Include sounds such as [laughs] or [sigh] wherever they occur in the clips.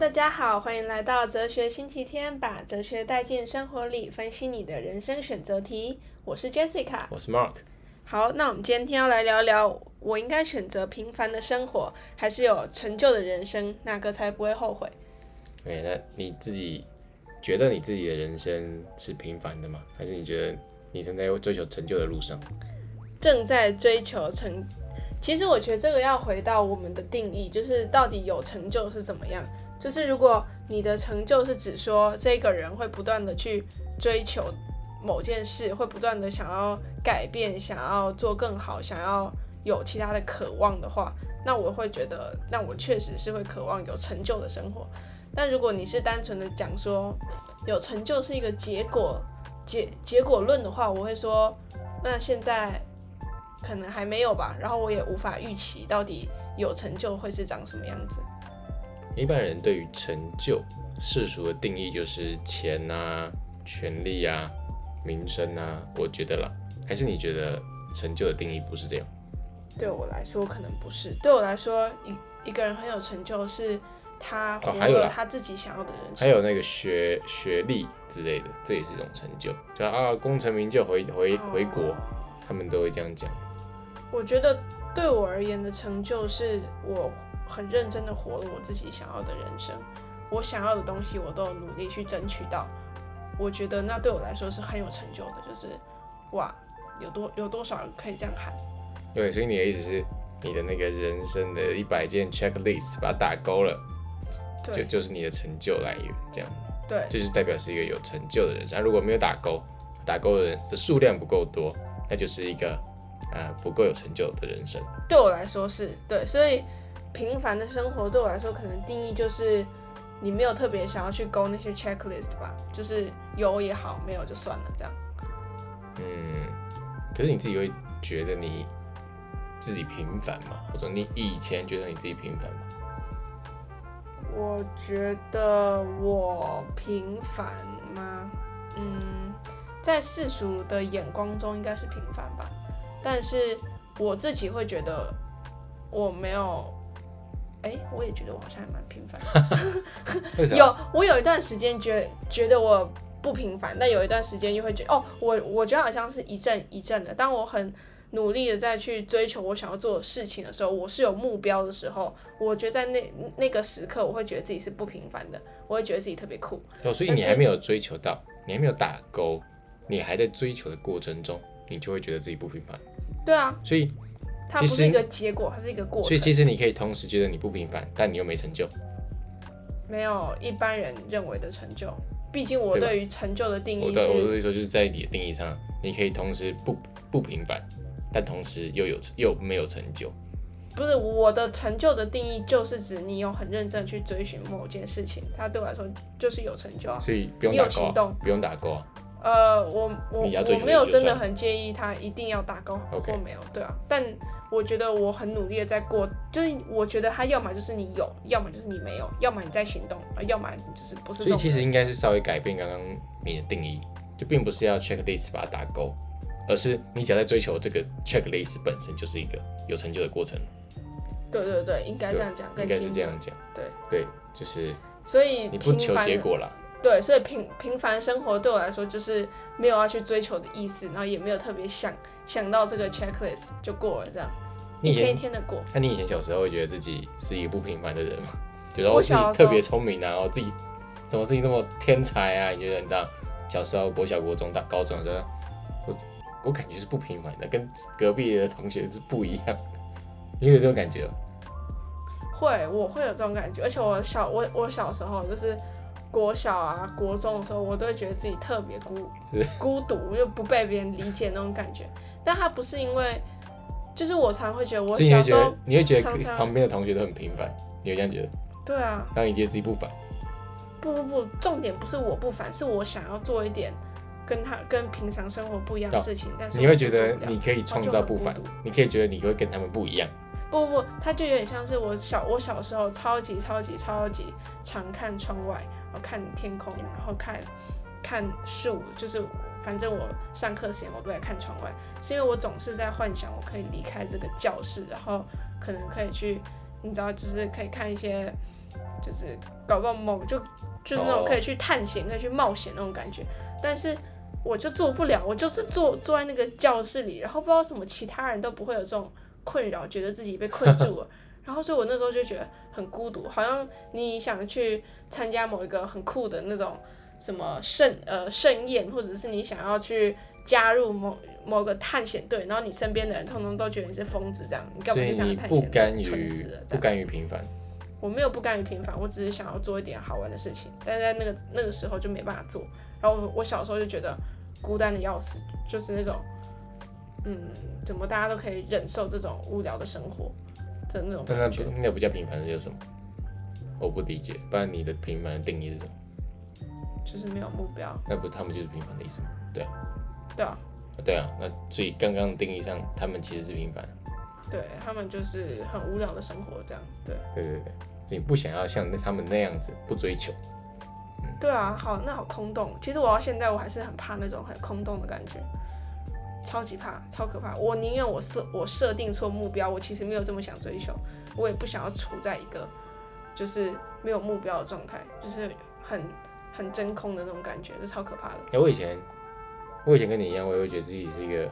大家好，歡迎來到哲學星期天，把哲學帶進生活裡，分析你的人生選擇題。我是 Jessica，我是 Mark。好，那我們今天要來聊一聊，我應該選擇平凡的生活，還是有成就的人生，哪個才不會後悔？OK，那你自己覺得你自己的人生是平凡的嗎？還是你覺得你正在追求成就的路上？正在追求成，其實我覺得這個要回到我們的定義，就是到底有成就是怎麼樣？就是如果你的成就是指說這個人會不斷的去追求某件事，會不斷的想要改變，想要做更好，想要有其他的渴望的話，那我會覺得，那我確實是會渴望有成就的生活。但如果你是單純的講說有成就是一個結果結結果論的話，我會說，那現在可能還沒有吧，然後我也無法預期到底有成就會是長什麼樣子。一般人對於成就世俗的定義就是錢吶、啊、權力啊、名聲啊，我覺得啦。還是你覺得成就的定義不是這樣？對我來說可能不是，對我來說，一一個人很有成就是他活出他自己想要的人生。哦還，還有那個學學歷之類的，這也是一種成就。就啊、功、啊、成名就回回回國，啊、他們都會這樣講。我覺得對我而言的成就是我。很認真的活了我自己想要的人生，我想要的東西我都有努力去爭取到，我覺得那對我來說是很有成就的，就是哇有多有多少人可以這樣喊。對，所以你的意思是你的那個人生的一百件 checklist 把它打勾了，對，就就是你的成就來源這樣。對，就是代表是一個有成就的人生。那、啊、如果沒有打勾，打勾的人的數量不夠多，那就是一個呃不夠有成就的人生。對我來說是對，所以。平凡的生活對我來說，可能定義就是你沒有特別想要去勾那些 checklist 吧，就是有也好，沒有就算了這樣。嗯，可是你自己會覺得你自己平凡嗎？或者你以前覺得你自己平凡嗎？我覺得我平凡嗎？嗯，在世俗的眼光中應該是平凡吧，但是我自己會覺得我沒有。哎、欸，我也覺得我好像還蠻平凡的。 [laughs] 麼有我有一段時間覺得覺得我不平凡，但有一段時間又會覺得哦，我我覺得好像是一陣一陣的。當我很努力的在去追求我想要做的事情的時候，我是有目標的時候，我覺得在那那個時刻我會覺得自己是不平凡的，我會覺得自己特別酷，哦。所以你還沒有追求到，是你還沒有打勾，你還在追求的過程中，你就會覺得自己不平凡。對啊，所以。它不是一個結果，其實，它是一個過程。所以其實你可以同時覺得你不平凡，但你又沒成就，沒有一般人認為的成就。畢竟我對於成就的定義是，我的我所以說就是在你的定義上，你可以同時不不平凡，但同時又有又沒有成就。不是我的成就的定義，就是指你有很認真去追尋某件事情，它對我來說就是有成就啊。所以不用打勾啊、有動、啊，不用打勾啊。呃，我我我沒有真的很介意他一定要打勾，我 Okay. 沒有，對啊。但我覺得我很努力的在過，就是、我覺得他要麼就是你有，要麼就是你沒有，要麼你在行動，要麼就是不是。所以其實應該是稍微改變剛剛你的定義，就並不是要 check list 把它打勾，而是你只要在追求這個 check list 本身就是一個有成就的過程。對對對，應該這樣講，對應該是這樣講，對對，就是。所以你不求結果了。對，所以平平凡生活對我來說就是沒有要去追求的意思，然後也沒有特別想想到這個 checklist 就過了這樣。你一天一天的過。那你以前小時候會覺得自己是一個不平凡的人嗎？覺得我自己特別聰明啊，我，我自己怎麼自己那麼天才啊？你覺得這樣？小時候國小、國中、大高中的時候，我我感覺是不平凡的，跟隔壁的同學是不一樣。你有這種感覺？會，我會有這種感覺，而且我小我我小時候就是。國小啊，國中的時候，我都會覺得自己特別孤孤獨，又是 [laughs] 不被別人理解那種感覺。但他不是因為，就是我常會覺得我小時候，你會,你會覺得旁邊的同學都很平凡，常常你會這樣覺得？對啊，當你覺得自己不凡？不不不，重點不是我不凡，是我想要做一點跟他跟平常生活不一樣的事情。Oh, 但是我不凡凡不了，你會覺得你可以創造不凡，哦、你可以覺得你會跟他們不一樣？不不不，他就有點像是我小我小時候超級超級超級,超級常看窗外。然後看天空，然後看看樹，就是反正我上課時間我都在看窗外，是因為我總是在幻想我可以離開這個教室，然後可能可以去，你知道，就是可以看一些，就是搞不夢，就就是那種可以去探險、oh. 可以去冒險那種感覺。但是我就做不了，我就是坐坐在那個教室裡，然後不知道什麼，其他人都不會有這種困擾，覺得自己被困住了。 [laughs] 然後，所以我那時候就覺得很孤獨，好像你想去參加某一個很酷的那種什麼盛呃盛宴，或者是你想要去加入某某個探險隊，然後你身邊的人通通都覺得你是瘋子，這樣你幹嘛不想探險，不甘於平凡。我沒有不甘於平凡，我只是想要做一點好玩的事情，但是在那個那個時候就沒辦法做。然後我小時候就覺得孤單的要死，就是那種嗯，怎麼大家都可以忍受這種無聊的生活？真的那種平凡，那不叫平凡，那叫什麼？我不理解，不然你的平凡定義是什麼？就是沒有目標。那不他們就是平凡的意思嗎？對啊。對啊。對啊，那所以剛剛定義上，他們其實是平凡。對他們就是很無聊的生活這樣。對。對對對，所以不想要像他們那樣子不追求。嗯、對啊，好，那好空洞。其實我到現在我還是很怕那種很空洞的感覺。超級怕，超可怕！我寧願我設我設定錯目標，我其實沒有這麼想追求，我也不想要處在一個就是沒有目標的狀態，就是很很真空的那種感覺，這超可怕的。哎、欸，我以前我以前跟你一樣，我也覺得自己是一個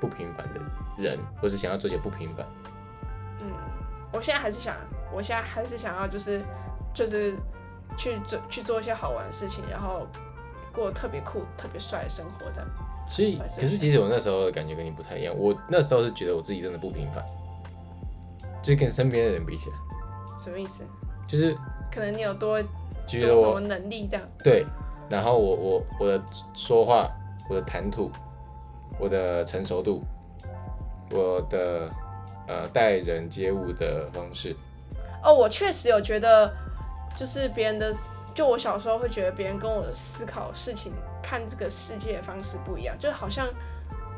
不平凡的人，我是想要做一些不平凡。嗯，我現在還是想，我現在還是想要就是就是去做去做一些好玩的事情，然後過特別酷、特別帥的生活這樣。所以，可是其實我那時候的感覺跟你不太一樣。我那時候是覺得我自己真的不平凡，就跟身邊的人比起來。什麼意思？就是可能你有多，覺得我什麼能力這樣。對，然後我我我的說話，我的談吐，我的成熟度，我的呃待人接物的方式。哦，我確實有覺得，就是別人的，就我小時候會覺得別人跟我的思考的事情。看這個世界的方式不一樣，就好像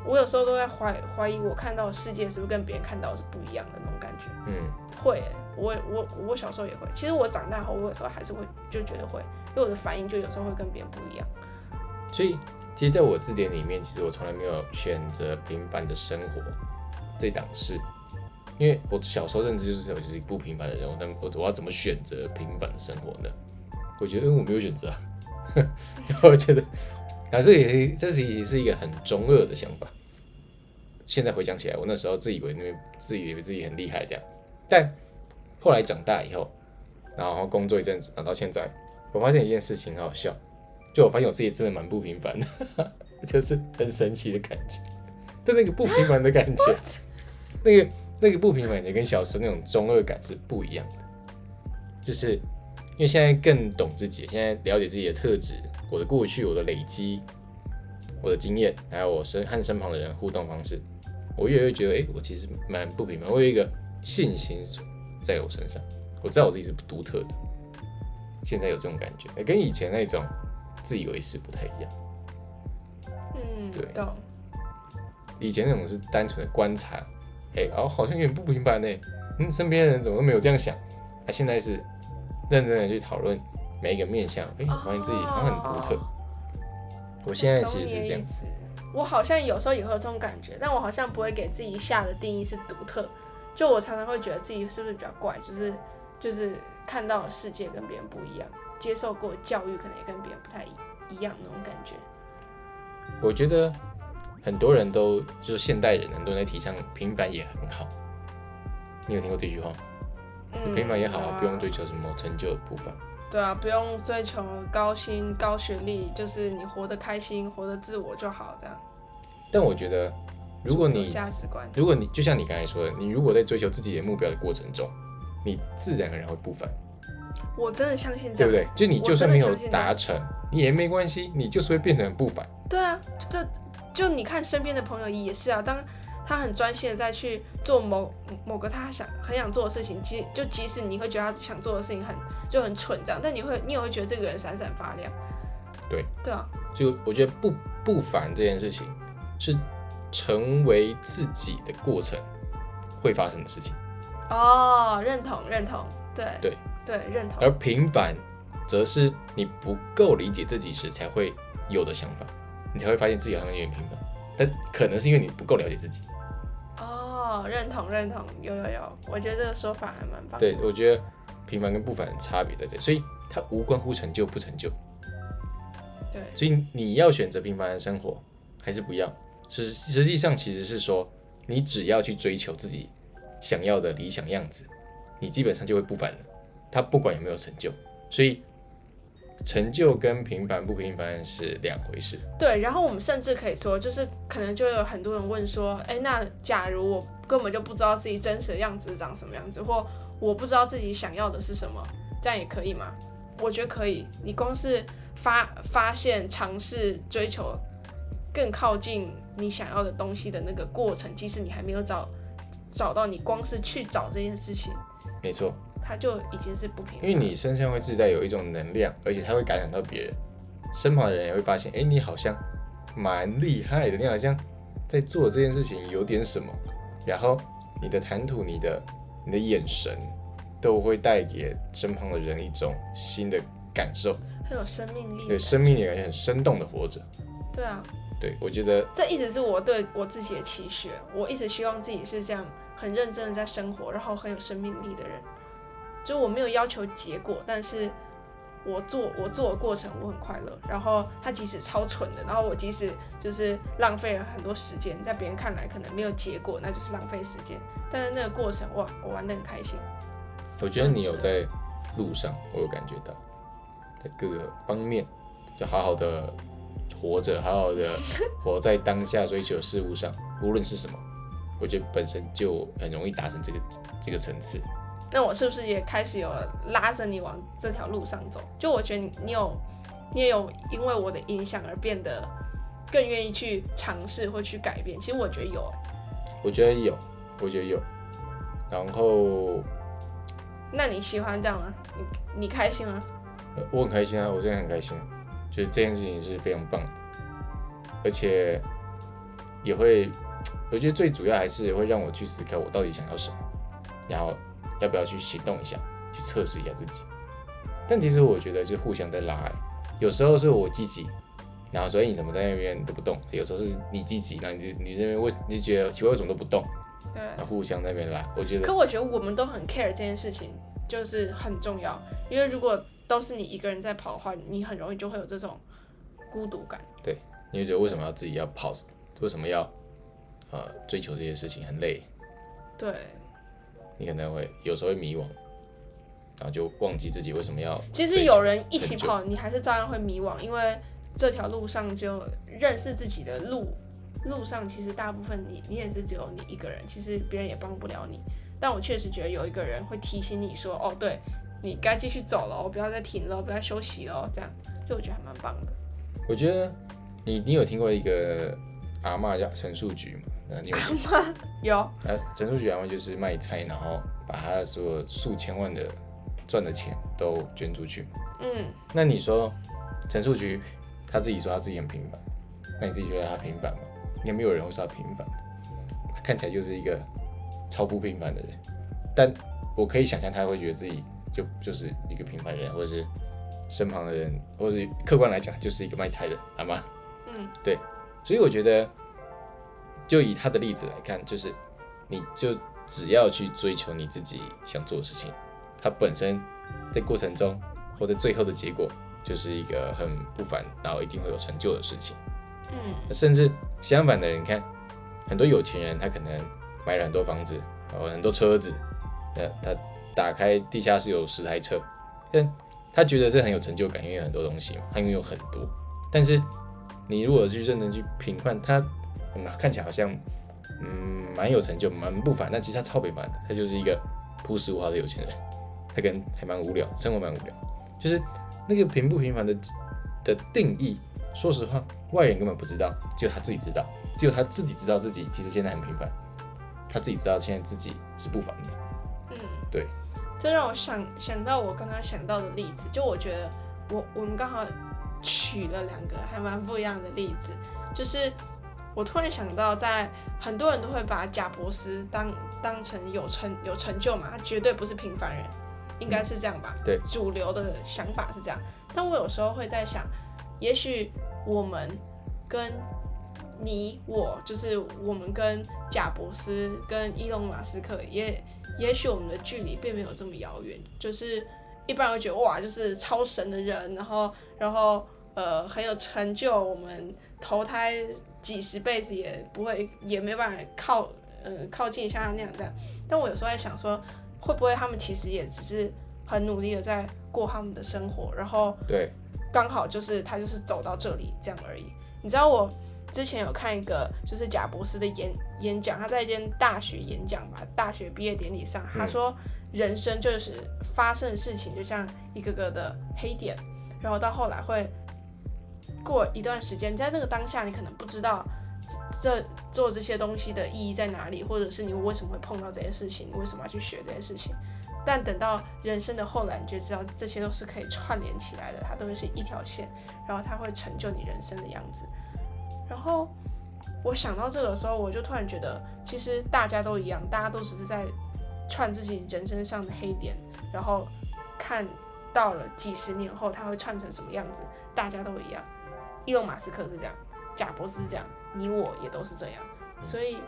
我有時候都在懷懷疑，我看到的世界是不是跟別人看到的是不一樣的那種感覺。嗯，會、欸，我我我小時候也會，其實我長大後，我有時候還是會就覺得會，因為我的反應就有時候會跟別人不一樣。所以，其實在我字典裡面，其實我從來沒有選擇平凡的生活這檔事，因為我小時候認知就是我就是一個不平凡的人。我但我要怎麼選擇平凡的生活呢？我覺得，因為我沒有選擇。 [laughs] 我覺得，然、啊、這也，這也是一個很中二的想法。現在回想起來，我那時候自以為那邊，那自以為自己很厲害這樣。但後來長大以後，然後工作一陣子，然、啊、後到現在，我發現一件事情很好笑，就我發現我自己真的蠻不平凡的，就是很神奇的感覺。但那個不平凡的感覺，What? 那個那個不平凡的感覺跟小時候那種中二感是不一樣的，就是。因為現在更懂自己，現在了解自己的特質，我的過去，我的累積，我的經驗，還有我身和身旁的人互動方式，我越來越覺得，哎、欸，我其實蠻不平凡。我有一個信心在我身上，我知道我自己是不獨特的。現在有這種感覺，欸、跟以前那種自以為是不太一樣。嗯，對。懂以前那種是單純的觀察，哎、欸，哦，好像有點不平凡呢。嗯，身邊人怎麼都沒有這樣想，啊，現在是。認真的去討論每一個面向，哎、欸，我發現自己好像很獨特。Oh, 我現在其實是這樣，我好像有時候也會有這種感覺，但我好像不會給自己下的定義是獨特。就我常常會覺得自己是不是比較怪，就是就是看到世界跟別人不一樣，接受過教育可能也跟別人不太一樣那種感覺。我覺得很多人都就是現代人很多都在提倡平凡也很好，你有聽過這句話？平凡、嗯、也好,好啊，不用追求什麼成就的部分。對啊，不用追求高薪、高學歷，就是你活得開心、活得自我就好。這樣。但我覺得，如果你價值觀，如果你就像你剛才說的，你如果在追求自己的目標的過程中，你自然而然會不凡。我真的相信這個，對不對？就你就算沒有達成，你也沒關係，你就是會變成不凡。對啊，就就你看身邊的朋友也是啊，當。他很專心的在去做某某個他想很想做的事情，即就即使你會覺得他想做的事情很就很蠢這樣，但你會你也會覺得這個人閃閃發亮。對。對啊。就我覺得不不凡這件事情是成為自己的過程會發生的事情。哦，認同認同，對。對對認同。而平凡，則是你不夠理解自己時才會有的想法，你才會發現自己好像有點平凡，但可能是因為你不夠了解自己。哦，認同認同，有有有，我覺得這個說法還蠻棒。對，我覺得平凡跟不凡的差別在這，所以它無關乎成就不成就。對，所以你要選擇平凡的生活還是不要？實實際上其實是說，你只要去追求自己想要的理想樣子，你基本上就會不凡了。他不管有沒有成就，所以。成就跟平凡不平凡是兩回事。對，然後我們甚至可以說，就是可能就有很多人問說，哎，那假如我根本就不知道自己真實的樣子長什麼樣子，或我不知道自己想要的是什麼，這樣也可以嗎？我覺得可以。你光是發發現、嘗試、追求更靠近你想要的東西的那個過程，即使你還沒有找找到，你光是去找這件事情，沒錯。他就已經是不平，因為你身上會自帶有一種能量，而且他會感染到別人，身旁的人也會發現，哎、欸，你好像蠻厲害的，你好像在做這件事情有點什麼，然後你的談吐、你的你的眼神，都會帶給身旁的人一種新的感受，很有生命力，對，生命力感覺很生動的活着，對啊，對，我覺得這一直是我對我自己的期許，我一直希望自己是這樣很認真的在生活，然後很有生命力的人。就我沒有要求結果，但是我做我做的過程我很快樂。然後它即使超蠢的，然後我即使就是浪費了很多時間，在別人看來可能沒有結果，那就是浪費時間。但是那個過程，哇，我玩得很開心。我覺得你有在路上，我有感覺到，在各個方面，就好好的活着，好好的活在當下，追求事物上， [laughs] 無論是什麼，我覺得本身就很容易達成這個這個層次。那我是不是也開始有拉着你往這條路上走？就我覺得你有，你也有因為我的影響而變得更願意去嘗試或去改變。其實我覺得有，我覺得有，我覺得有。然後，那你喜歡這樣嗎？你，你開心嗎？我很開心啊，我現在很開心，就是這件事情是非常棒的，而且也會，我覺得最主要還是會讓我去思考我到底想要什麼，然後。要不要去行動一下，去測試一下自己？但其實我覺得，就互相在拉，有時候是我積極，然後所以你怎麼在那邊你都不動？有時候是你積極，然後你就你認為為，你就覺得奇怪，為什麼都不動？對，互相在那邊拉，我覺得。可我覺得我們都很 care 這件事情，就是很重要。因為如果都是你一個人在跑的話，你很容易就會有這種孤獨感。對，你就覺得為什麼要自己要跑對？為什麼要、呃、追求這些事情？很累。對。你可能會有時候會迷惘，然後就忘記自己為什麼要。其實有人一起跑，你還是照樣會迷惘，因為這條路上就認識自己的路。路上其實大部分你你也是只有你一個人，其實別人也幫不了你。但我確實覺得有一個人會提醒你說：“哦，對，你該繼續走了，我不要再停了，不要再休息了。”這樣就我覺得還蠻棒的。我覺得你你有聽過一個阿媽叫陳述菊嗎？你有嗎、啊？有。呃、啊，陳樹菊，阿、啊、媽就是賣菜，然後把他所有數千萬的賺的錢都捐出去。嗯。那你說陳樹菊他自己說他自己很平凡，那你自己覺得他平凡嗎？應該沒有人會說他平凡。嗯，他看起來就是一個超不平凡的人，但我可以想象他會覺得自己就就是一個平凡人，或者是身旁的人，或者是客觀來講就是一個賣菜的好嗎？啊，嗯。對。所以我覺得。就以他的例子來看，就是，你就只要去追求你自己想做的事情，他本身在過程中或者最後的結果，就是一個很不凡到一定會有成就的事情。嗯，甚至相反的人看，你看很多有錢人，他可能買了很多房子，哦，很多車子，呃，他打開地下室有十台車，但他覺得這很有成就感，因為有很多東西嘛，他擁有很多。但是你如果去認真去評判他。嗯，看起來好像，嗯，蠻有成就，蠻不凡。但其實他超平凡的，他就是一個樸實無華的有錢人，他跟還蠻無聊，生活蠻無聊。就是那個平不平凡的的定義，說實話，外人根本不知道，只有他自己知道，只有他自己知道自己其實現在很平凡，他自己知道現在自己是不凡的。嗯，對。這讓我想想到我剛剛想到的例子，就我覺得我我們剛好取了兩個還蠻不一樣的例子，就是。我突然想到，在很多人都會把賈伯斯當當成有成有成就嘛，他絕對不是平凡人，應該是這樣吧？嗯、對，主流的想法是這樣。但我有時候會在想，也許我們跟你我，就是我們跟賈伯斯、跟伊、e、隆馬斯克，也也許我們的距離並沒有這麼遙遠。就是一般人會覺得哇，就是超神的人，然後然後呃很有成就，我們投胎。幾十輩子也不會，也沒辦法靠，嗯、呃，靠近像他那樣這樣。但我有時候在想說，會不會他們其實也只是很努力的在過他們的生活，然後，對，剛好就是他就是走到這裡這樣而已。你知道我之前有看一個就是賈伯斯的演演講，他在一間大學演講吧，大學畢業典禮上，嗯、他說人生就是發生的事情就像一個個的黑點，然後到後來會。過一段時間，在那個當下，你可能不知道這做這些東西的意義在哪裡，或者是你為什麼會碰到這些事情，你為什麼要去學這些事情。但等到人生的後來，你就知道這些都是可以串聯起來的，它都會是一條線，然後它會成就你人生的樣子。然後我想到這個時候，我就突然覺得，其實大家都一樣，大家都只是在串自己人生上的黑點，然後看到了幾十年後它會串成什麼樣子，大家都一樣。伊隆馬斯克是這樣，賈伯斯是這樣，你我也都是這樣，所以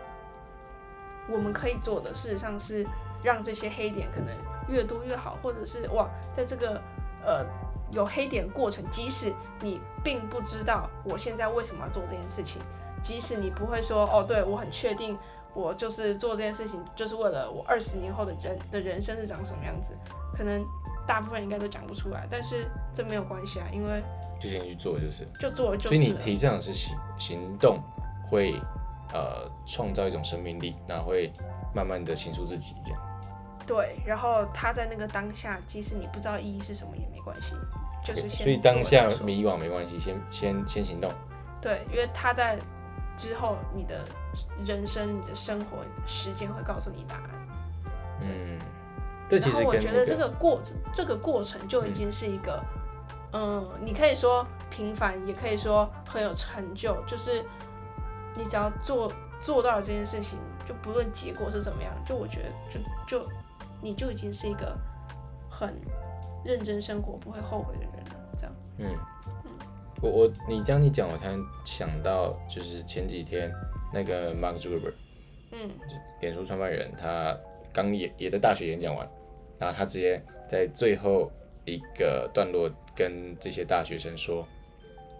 我們可以做的，事實上是讓這些黑點可能越多越好，或者是哇，在這個呃有黑點過程，即使你並不知道我現在為什麼要做這件事情，即使你不會說哦，對我很確定，我就是做這件事情就是為了我二十年後的人的人生是長什麼樣子，可能大部分應該都講不出來，但是這沒有關係啊，因為。就先去做，就是就做就是，就所以你提這樣的行行動會，會呃創造一種生命力，然後會慢慢的形塑自己這樣。對，然後他在那個當下，即使你不知道意義是什麼也沒關係，就是先 okay，所以當下迷惘沒關係，先先先行動。對，因為他在之後你的人生、你的生活時間會告訴你答案。嗯，然後我覺得這個過、嗯、這個過程就已經是一個。嗯，你可以說平凡，也可以說很有成就。就是你只要做做到了這件事情，就不論結果是怎麼樣，就我覺得就就你就已經是一個很認真生活、不會後悔的人了。這樣，嗯，我我你這樣你講，我才想到就是前幾天那個 Mark Zuckerberg，嗯，臉書創辦人，他剛也也在大學演講完，然後他直接在最後。一個段落跟這些大學生說，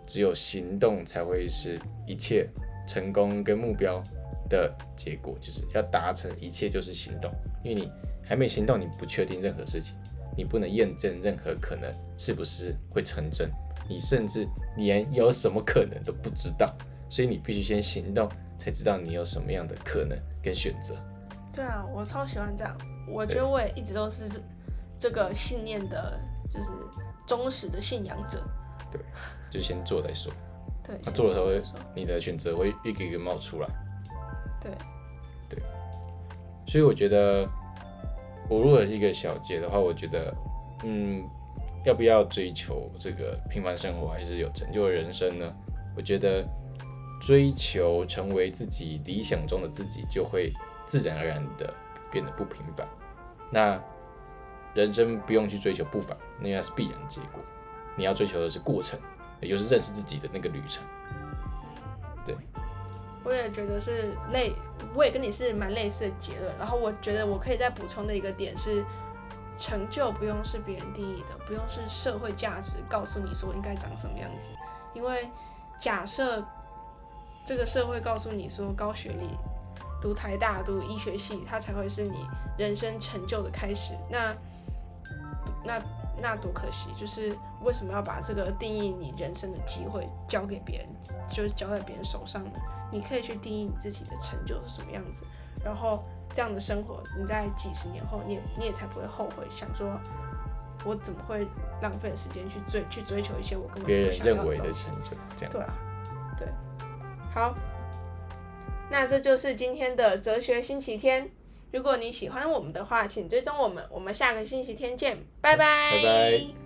只有行動才會是一切成功跟目標的結果，就是要達成一切就是行動，因為你還沒行動，你不確定任何事情，你不能驗證任何可能是不是會成真，你甚至連有什麼可能都不知道，所以你必須先行動才知道你有什麼樣的可能跟選擇。對啊，我超喜歡這樣，我覺得我也一直都是這、這個信念的。就是忠實的信仰者，對，就先做再說。 [laughs] 對，他做、啊、的時候，你的選擇會一個一個一個冒出來。對，對，所以我覺得，我如果是一個小節的話，我覺得，嗯，要不要追求這個平凡生活，還是有成就的人生呢？我覺得，追求成為自己理想中的自己，就會自然而然的變得不平凡。那。人生不用去追求不凡，那應該是必然結果。你要追求的是過程，也就是認識自己的那個旅程。對，我也覺得是類，我也跟你是蠻類似的結論。然後我覺得我可以再補充的一個點是，成就不用是別人定義的，不用是社會價值告訴你說應該長什麼樣子。因為假設這個社會告訴你說高學歷、讀台大、讀醫學系，它才會是你人生成就的開始。那那那多可惜，就是為什麼要把這個定義你人生的機會交給別人，就是交在別人手上呢？你可以去定義你自己的成就是什麼樣子，然後這樣的生活，你在幾十年後，你也你也才不會後悔，想說我怎麼會浪費時間去追去追求一些我根本別人認為的成就？這樣子。對。好，那這就是今天的哲學星期天。如果你喜歡我們的話，請追蹤我們。我們下個星期天見，拜拜。拜拜。